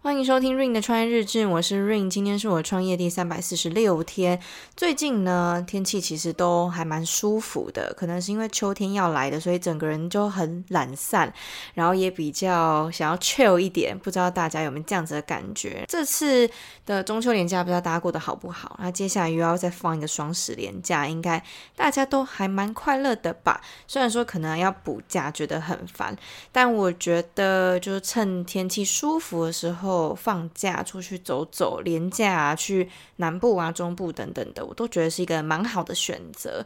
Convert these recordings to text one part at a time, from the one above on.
歡迎收聽 Ring 的創業日誌，我是 Ring，今天是我創業第三百四十六天。最近呢，天氣其實都還蠻舒服的，可能是因為秋天要來的，所以整個人就很懶散，然後也比較想要 chill 一點。不知道大家有沒有這樣子的感覺？這次的中秋連假，不知道大家過得好不好？那接下來又要再放一個雙十連假，應該大家都還蠻快樂的吧？雖然說可能要補假覺得很煩，但我覺得就是趁天氣舒服的時候。後放假出去走走，連假啊、去南部啊、中部等等的，我都覺得是一個蠻好的選擇。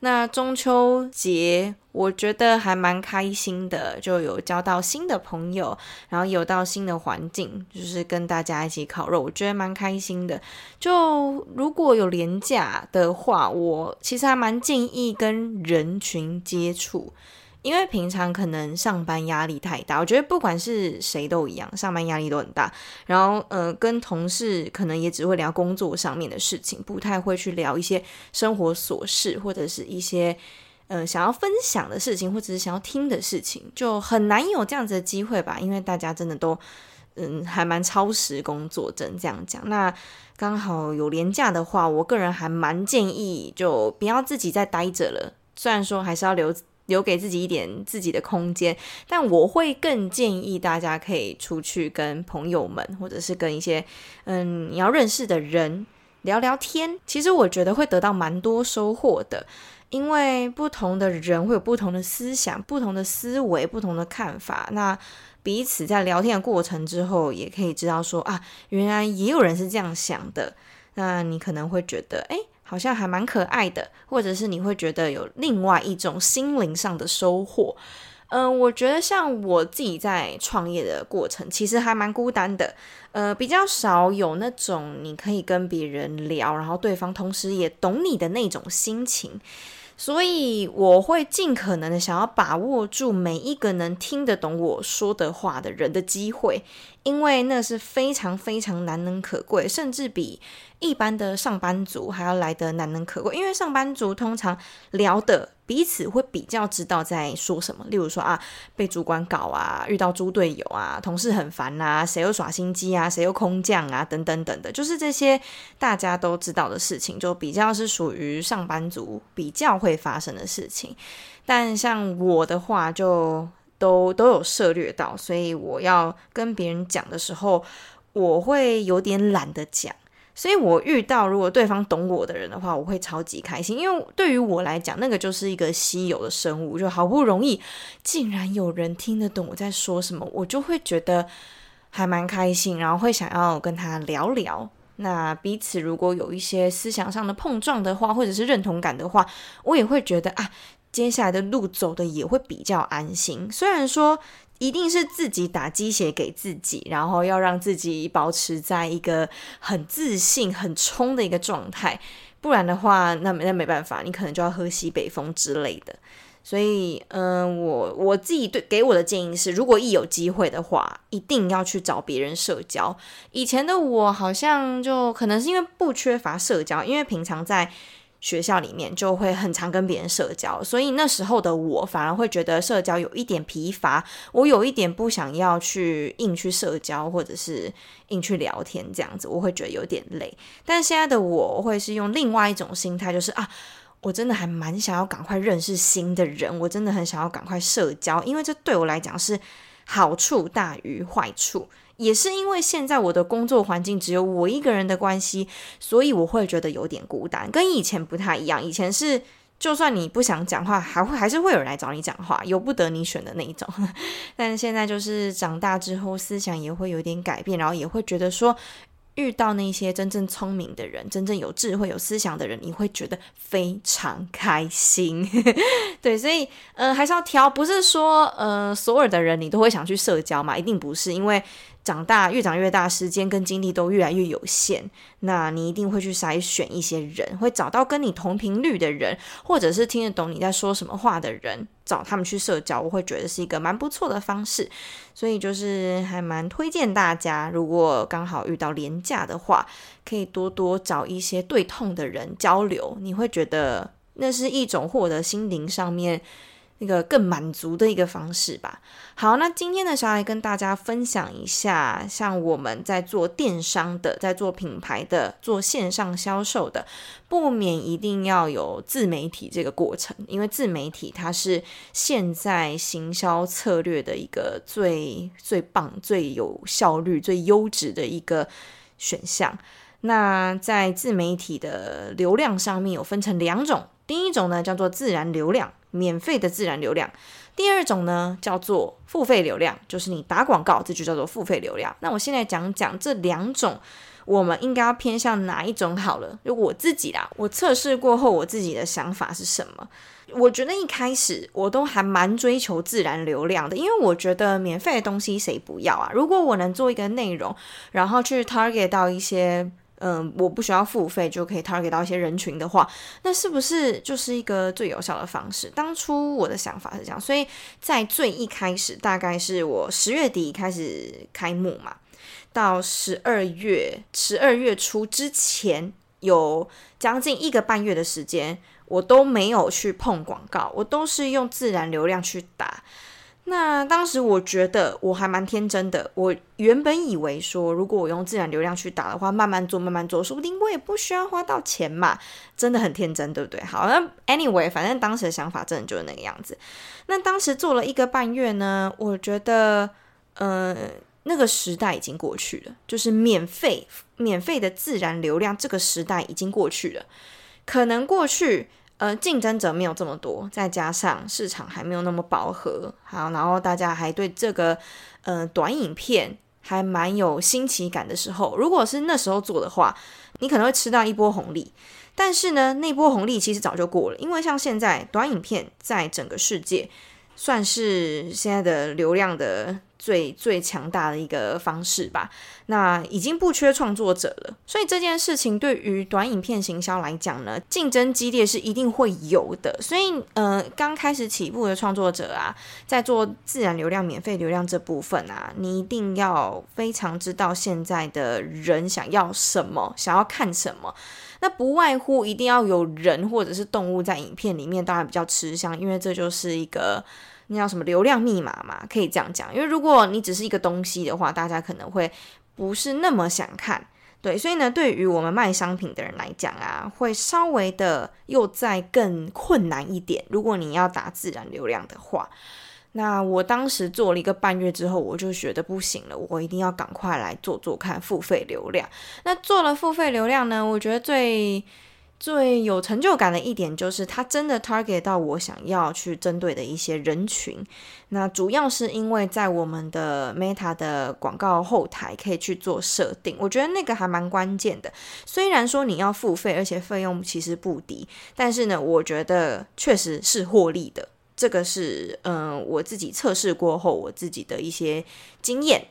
那中秋節我覺得還蠻開心的，就有交到新的朋友，然後有到新的環境，就是跟大家一起烤肉，我覺得蠻開心的。就如果有連假的話，我其實還蠻建議跟人群接觸。因為平常可能上班壓力太大，我覺得不管是誰都一樣，上班壓力都很大。然後，呃，跟同事可能也只會聊工作上面的事情，不太會去聊一些生活瑣事或者是一些，呃，想要分享的事情或者是想要聽的事情，就很難有這樣子的機會吧。因為大家真的都，嗯，還蠻超時工作真的這樣講。那剛好有連假的話，我個人還蠻建議就不要自己再待着了，雖然說還是要留。留給自己一點自己的空間，但我會更建議大家可以出去跟朋友們，或者是跟一些嗯，你要認識的人聊聊天。其實我覺得會得到蠻多收穫的，因為不同的人會有不同的思想、不同的思維、不同的看法。那彼此在聊天的過程之後，也可以知道說啊，原來也有人是這樣想的。那你可能會覺得，誒。好像還蠻可愛的，或者是你會覺得有另外一種心靈上的收穫。嗯、呃，我覺得像我自己在創業的過程，其實還蠻孤單的。呃，比較少有那種你可以跟別人聊，然後對方同時也懂你的那種心情。所以我會盡可能的想要把握住每一個能聽得懂我說的話的人的機會，因為那是非常非常難能可貴，甚至比一般的上班族還要來得難能可貴，因為上班族通常聊的。彼此會比較知道在說什麼，例如說啊，被主管搞啊，遇到豬隊友啊，同事很煩啊，誰又耍心機啊，誰又空降啊，等等等等的，就是這些大家都知道的事情，就比較是屬於上班族比較會發生的事情。但像我的話，就都都有涉獵到，所以我要跟別人講的時候，我會有點懶得講。所以我遇到如果對方懂我的人的話，我會超級開心，因為對於我來講，那個就是一個稀有的生物，就好不容易，竟然有人聽得懂我在說什麼，我就會覺得還蠻開心，然後會想要跟他聊聊。那彼此如果有一些思想上的碰撞的話，或者是認同感的話，我也會覺得啊。接下來的路走的也會比較安心，雖然說一定是自己打雞血給自己，然後要讓自己保持在一個很自信、很衝的一個狀態，不然的話，那沒那沒辦法，你可能就要喝西北風之類的。所以，嗯、呃，我我自己對給我的建議是，如果一有機會的話，一定要去找別人社交。以前的我好像就可能是因為不缺乏社交，因為平常在。學校裡面就會很常跟別人社交，所以那時候的我反而會覺得社交有一點疲乏，我有一點不想要去硬去社交或者是硬去聊天這樣子，我會覺得有點累。但現在的我會是用另外一種心態，就是啊，我真的還蠻想要趕快認識新的人，我真的很想要趕快社交，因為這對我來講是好處大於壞處。也是因為現在我的工作環境只有我一個人的關係，所以我會覺得有點孤單，跟以前不太一樣。以前是就算你不想講話，還會還是會有人來找你講話，由不得你選的那一種。但是現在就是長大之後，思想也會有點改變，然後也會覺得說，遇到那些真正聰明的人、真正有智慧、有思想的人，你會覺得非常開心。 對，所以呃，還是要挑，不是說呃所有的人你都會想去社交嘛，一定不是，因為。長大，越長越大，時間跟精力都越來越有限，那你一定會去篩選一些人，會找到跟你同頻率的人，或者是聽得懂你在說什麼話的人，找他們去社交，我會覺得是一個蠻不錯的方式。所以就是還蠻推薦大家，如果剛好遇到連假的話，可以多多找一些對痛的人交流，你會覺得那是一種獲得心靈上面那個更滿足的一個方式吧。好，那今天呢，想來跟大家分享一下，像我們在做電商的，在做品牌的，做線上銷售的，不免一定要有自媒體這個過程，因為自媒體它是現在行銷策略的一個最最棒、最有效率、最優質的一個選項。那在自媒體的流量上面，有分成兩種。第一種呢，叫做自然流量，免費的自然流量；第二種呢，叫做付費流量，就是你打廣告，這就叫做付費流量。那我現在講講這兩種，我們應該要偏向哪一種好了？如果我自己啦，我測試過後，我自己的想法是什麼？我覺得一開始我都還蠻追求自然流量的，因為我覺得免費的東西誰不要啊？如果我能做一個內容，然後去 target 到一些。嗯，我不需要付費就可以 target 到一些人群的話，那是不是就是一個最有效的方式？當初我的想法是這樣，所以在最一開始，大概是我十月底開始開幕嘛，到十二月、十二月初之前，有將近一個半月的時間，我都沒有去碰廣告，我都是用自然流量去打。那當時我覺得我還蠻天真的，我原本以為說，如果我用自然流量去打的話，慢慢做，慢慢做，說不定我也不需要花到錢嘛，真的很天真，對不對？好，那 anyway，反正當時的想法真的就是那個樣子。那當時做了一個半月呢，我覺得，嗯、呃，那個時代已經過去了，就是免費、免費的自然流量這個時代已經過去了，可能過去。呃，競爭者沒有這麼多，再加上市場還沒有那麼飽和，好，然後大家還對這個呃短影片還蠻有新奇感的時候，如果是那時候做的話，你可能會吃到一波紅利。但是呢，那波紅利其實早就過了，因為像現在短影片在整個世界。算是現在的流量的最最強大的一個方式吧。那已經不缺創作者了，所以這件事情對於短影片行銷來講呢，競爭激烈是一定會有的。所以，呃，剛開始起步的創作者啊，在做自然流量、免費流量這部分啊，你一定要非常知道現在的人想要什麼，想要看什麼。那不外乎一定要有人或者是動物在影片裡面，當然比較吃香，因為這就是一個那叫什麼流量密碼嘛，可以這樣講。因為如果你只是一個東西的話，大家可能會不是那麼想看，對。所以呢，對於我們賣商品的人來講啊，會稍微的又再更困難一點，如果你要打自然流量的話。那我當時做了一個半月之後，我就覺得不行了，我一定要趕快來做做看付費流量。那做了付費流量呢，我覺得最最有成就感的一點就是它真的 target 到我想要去針對的一些人群。那主要是因為在我們的 Meta 的廣告後台可以去做設定，我覺得那個還蠻關鍵的。雖然說你要付費，而且費用其實不低，但是呢，我覺得確實是獲利的。這個是，嗯，我自己測試過後，我自己的一些經驗。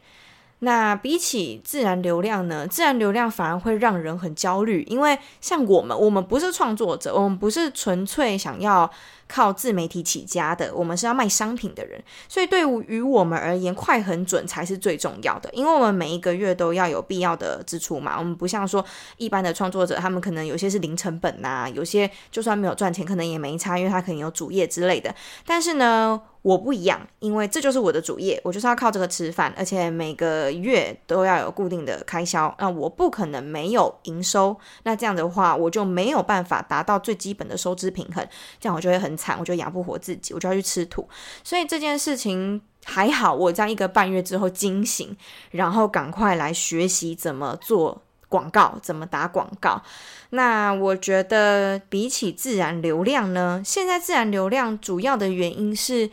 那比起自然流量呢，自然流量反而會讓人很焦慮，因為像我們，我們不是創作者，我們不是純粹想要靠自媒體起家的，我們是要賣商品的人，所以對於我們而言，快狠準才是最重要的，因為我們每一個月都要有必要的支出嘛。我們不像說一般的創作者，他們可能有些是零成本呐、啊，有些就算沒有賺錢，可能也沒差，因為他可能有主業之類的。但是呢，我不一樣，因為這就是我的主業，我就是要靠這個吃飯，而且每個月都要有固定的開銷，那我不可能沒有營收，那這樣的話我就沒有辦法達到最基本的收支平衡，這樣我就會很慘，我就養不活自己，我就要去吃土。所以這件事情還好，我在一個半月之後驚醒，然後趕快來學習怎麼做。廣告怎麼打廣告？那我覺得比起自然流量呢，現在自然流量主要的原因是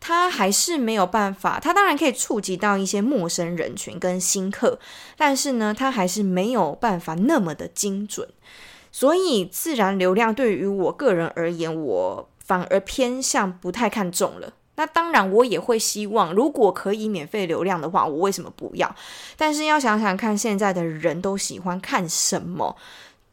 它還是沒有辦法，它當然可以觸及到一些陌生人群跟新客，但是呢，它還是沒有辦法那麼的精準。所以自然流量對於我個人而言，我反而偏向不太看重了。那當然，我也會希望，如果可以免費流量的話，我為什麼不要？但是要想想看，現在的人都喜歡看什麼？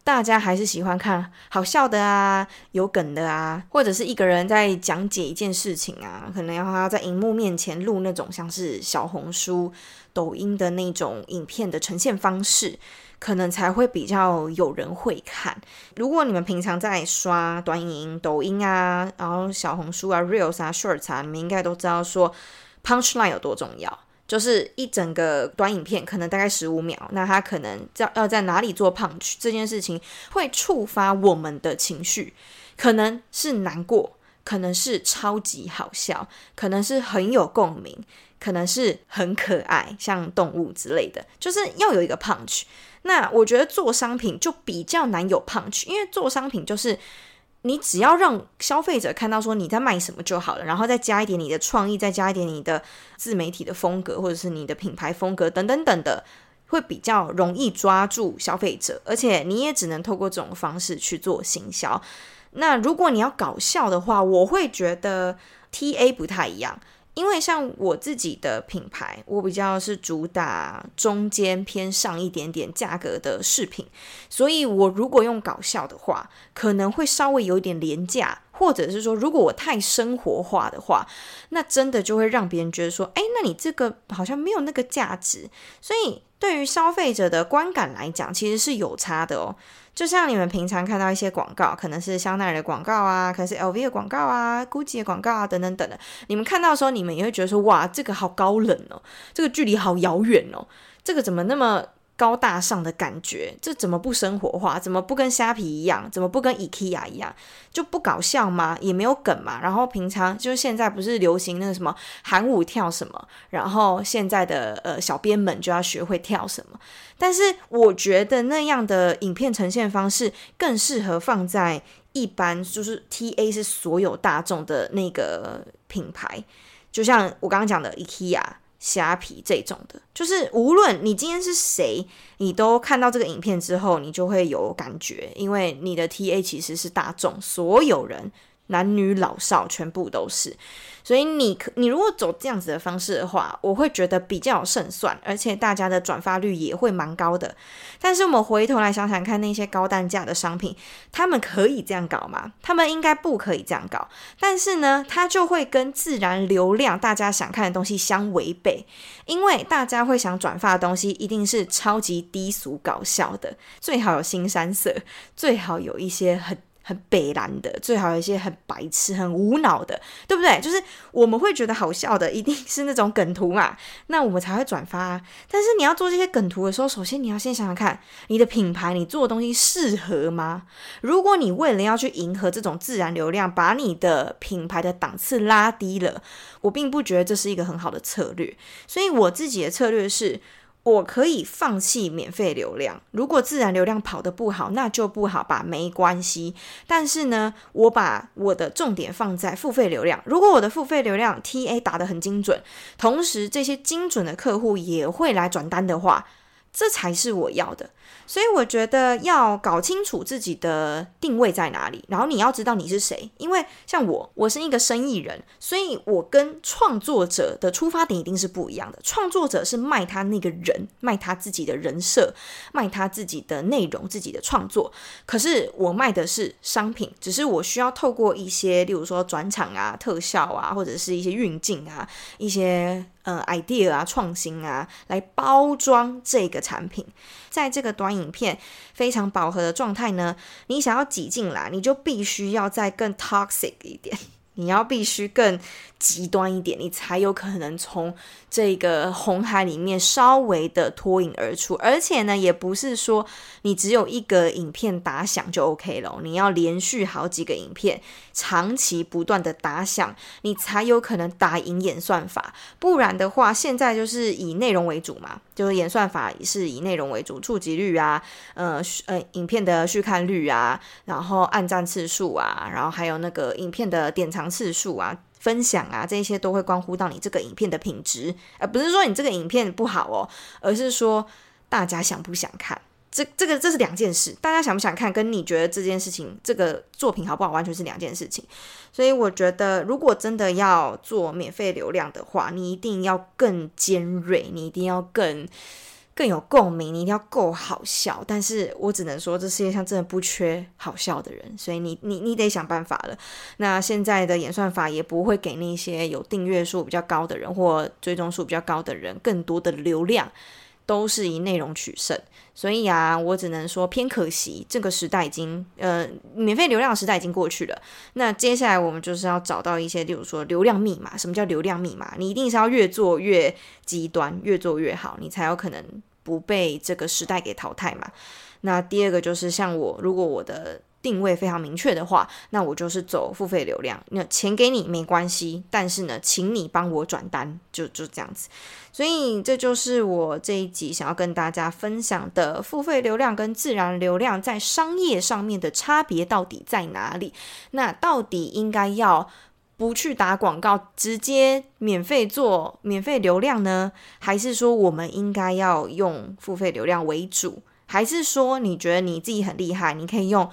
大家還是喜歡看好笑的啊，有梗的啊，或者是一個人在講解一件事情啊，可能要他在熒幕面前錄那種像是小紅書、抖音的那種影片的呈現方式。可能才會比較有人會看。如果你們平常在刷短影音、抖音啊，然後小紅書啊、Reels 啊、Shorts 啊，你們應該都知道說，punchline 有多重要。就是一整個短影片可能大概十五秒，那他可能在要在哪裡做 punch 這件事情，會觸發我們的情緒，可能是難過，可能是超級好笑，可能是很有共鳴，可能是很可愛，像動物之類的，就是要有一個 punch。那我覺得做商品就比較難有 punch，因為做商品就是你只要讓消費者看到說你在賣什麼就好了，然後再加一點你的創意，再加一點你的自媒體的風格或者是你的品牌風格等等等的，會比較容易抓住消費者，而且你也只能透過這種方式去做行銷。那如果你要搞笑的話，我會覺得 TA 不太一樣。因為像我自己的品牌，我比較是主打中間偏上一點點價格的飾品，所以我如果用搞笑的話，可能會稍微有一點廉價，或者是說，如果我太生活化的話，那真的就會讓別人覺得說，誒，那你這個好像沒有那個價值，所以對於消費者的觀感來講，其實是有差的哦。就像你們平常看到一些廣告，可能是香奈兒的廣告啊，可能是 LV 的廣告啊，GUCCI 的廣告啊，等等等的。你們看到的時候，你們也會覺得說：“哇，這個好高冷哦，這個距離好遙遠哦，這個怎麼那麼……”高大上的感覺，這怎麼不生活化？怎麼不跟蝦皮一樣？怎麼不跟 IKEA 一樣？就不搞笑嗎？也沒有梗嘛？然後平常就是現在不是流行那個什麼韓舞跳什麼？然後現在的呃小編們就要學會跳什麼？但是我覺得那樣的影片呈現方式更適合放在一般就是 TA 是所有大眾的那個品牌，就像我剛剛講的 IKEA。蝦皮這種的，就是無論你今天是誰，你都看到這個影片之後，你就會有感覺，因為你的 TA 其實是大眾所有人。男女老少全部都是，所以你可你如果走這樣子的方式的話，我會覺得比較勝算，而且大家的轉發率也會蠻高的。但是我們回頭來想想看，那些高單價的商品，他們可以這樣搞嗎？他們應該不可以這樣搞。但是呢，它就會跟自然流量、大家想看的東西相違背，因為大家會想轉發的東西一定是超級低俗、搞笑的，最好有腥羶色，最好有一些很。很北爛的，最好有一些很白痴、很無腦的，對不對？就是我們會覺得好笑的，一定是那種梗圖嘛、啊，那我們才會轉發啊。但是你要做這些梗圖的時候，首先你要先想想看，你的品牌你做的東西適合嗎？如果你為了要去迎合這種自然流量，把你的品牌的檔次拉低了，我並不覺得這是一個很好的策略。所以我自己的策略是。我可以放棄免費流量，如果自然流量跑得不好，那就不好吧，沒關係。但是呢，我把我的重點放在付費流量。如果我的付費流量 TA 打得很精準，同時這些精準的客戶也會來轉單的話，這才是我要的。所以我覺得要搞清楚自己的定位在哪裡，然後你要知道你是誰，因為像我，我是一個生意人，所以我跟創作者的出發點一定是不一樣的。創作者是賣他那個人，賣他自己的人設，賣他自己的內容、自己的創作，可是我賣的是商品，只是我需要透過一些，例如說轉場啊、特效啊，或者是一些運鏡啊、一些呃 idea 啊、創新啊，來包裝這個產品，在這個短影片非常飽和的狀態呢，你想要擠進來，你就必須要再更 toxic 一點。你要必須更極端一點，你才有可能從這個紅海裡面稍微的脫穎而出。而且呢，也不是說你只有一個影片打響就 OK 了，你要連續好幾個影片，長期不斷的打響，你才有可能打贏演算法。不然的話，現在就是以內容為主嘛，就是演算法是以內容為主，觸及率啊，嗯、呃、嗯、呃，影片的續看率啊，然後按讚次數啊，然後還有那個影片的點長，次數啊，分享啊，這些都會關乎到你這個影片的品質。呃，不是說你這個影片不好哦，而是說大家想不想看？這、這個、這是兩件事。大家想不想看，跟你覺得這件事情、這個作品好不好，完全是兩件事情。所以我覺得，如果真的要做免費流量的話，你一定要更尖銳，你一定要更。更有共鳴，你一定要夠好笑。但是我只能說，這世界上真的不缺好笑的人，所以你你你得想辦法了。那現在的演算法也不會給那些有訂閱數比較高的人或追蹤數比較高的人更多的流量。都是以內容取勝，所以啊，我只能說偏可惜，這個時代已經，呃，免費流量的時代已經過去了。那接下來我們就是要找到一些，例如說流量密碼。什麼叫流量密碼？你一定是要越做越極端，越做越好，你才有可能不被這個時代給淘汰嘛。那第二個就是像我，如果我的。定位非常明確的話，那我就是走付費流量。那錢給你沒關係，但是呢，請你幫我轉單，就就這樣子。所以這就是我這一集想要跟大家分享的，付費流量跟自然流量在商業上面的差別到底在哪裡？那到底應該要不去打廣告，直接免費做免費流量呢？還是說我們應該要用付費流量為主？還是說你覺得你自己很厲害，你可以用？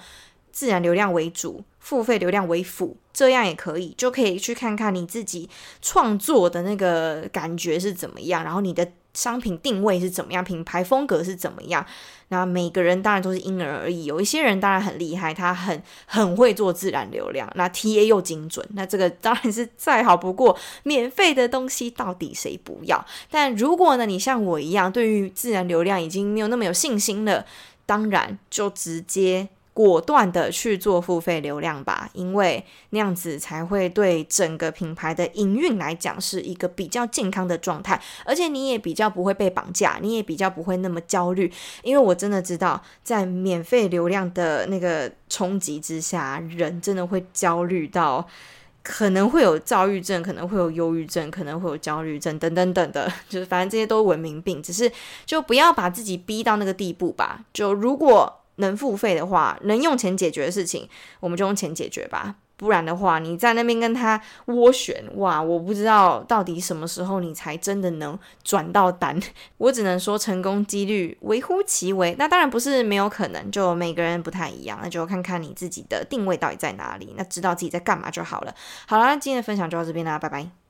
自然流量為主，付費流量為輔，這樣也可以，就可以去看看你自己創作的那個感覺是怎麼樣，然後你的商品定位是怎麼樣，品牌風格是怎麼樣。那每個人當然都是因人而異，有一些人當然很厲害，他很很會做自然流量，那 TA 又精準，那這個當然是再好不過。免費的東西到底誰不要？但如果呢，你像我一樣，對於自然流量已經沒有那麼有信心了，當然就直接。果斷的去做付費流量吧，因為那樣子才會對整個品牌的營運來講是一個比較健康的狀態，而且你也比較不會被綁架，你也比較不會那麼焦慮。因為我真的知道，在免費流量的那個衝擊之下，人真的會焦慮到可能會有躁鬱症，可能會有憂鬱症，可能會有焦慮症，等等等的，就是反正這些都是文明病，只是就不要把自己逼到那個地步吧。就如果。能付費的話，能用錢解決的事情，我們就用錢解決吧。不然的話，你在那邊跟他斡旋，哇，我不知道到底什麼時候你才真的能轉到單。我只能說成功幾率微乎其微。那當然不是沒有可能，就每個人不太一樣，那就看看你自己的定位到底在哪裡，那知道自己在幹嘛就好了。好啦，那今天的分享就到這邊啦，拜拜。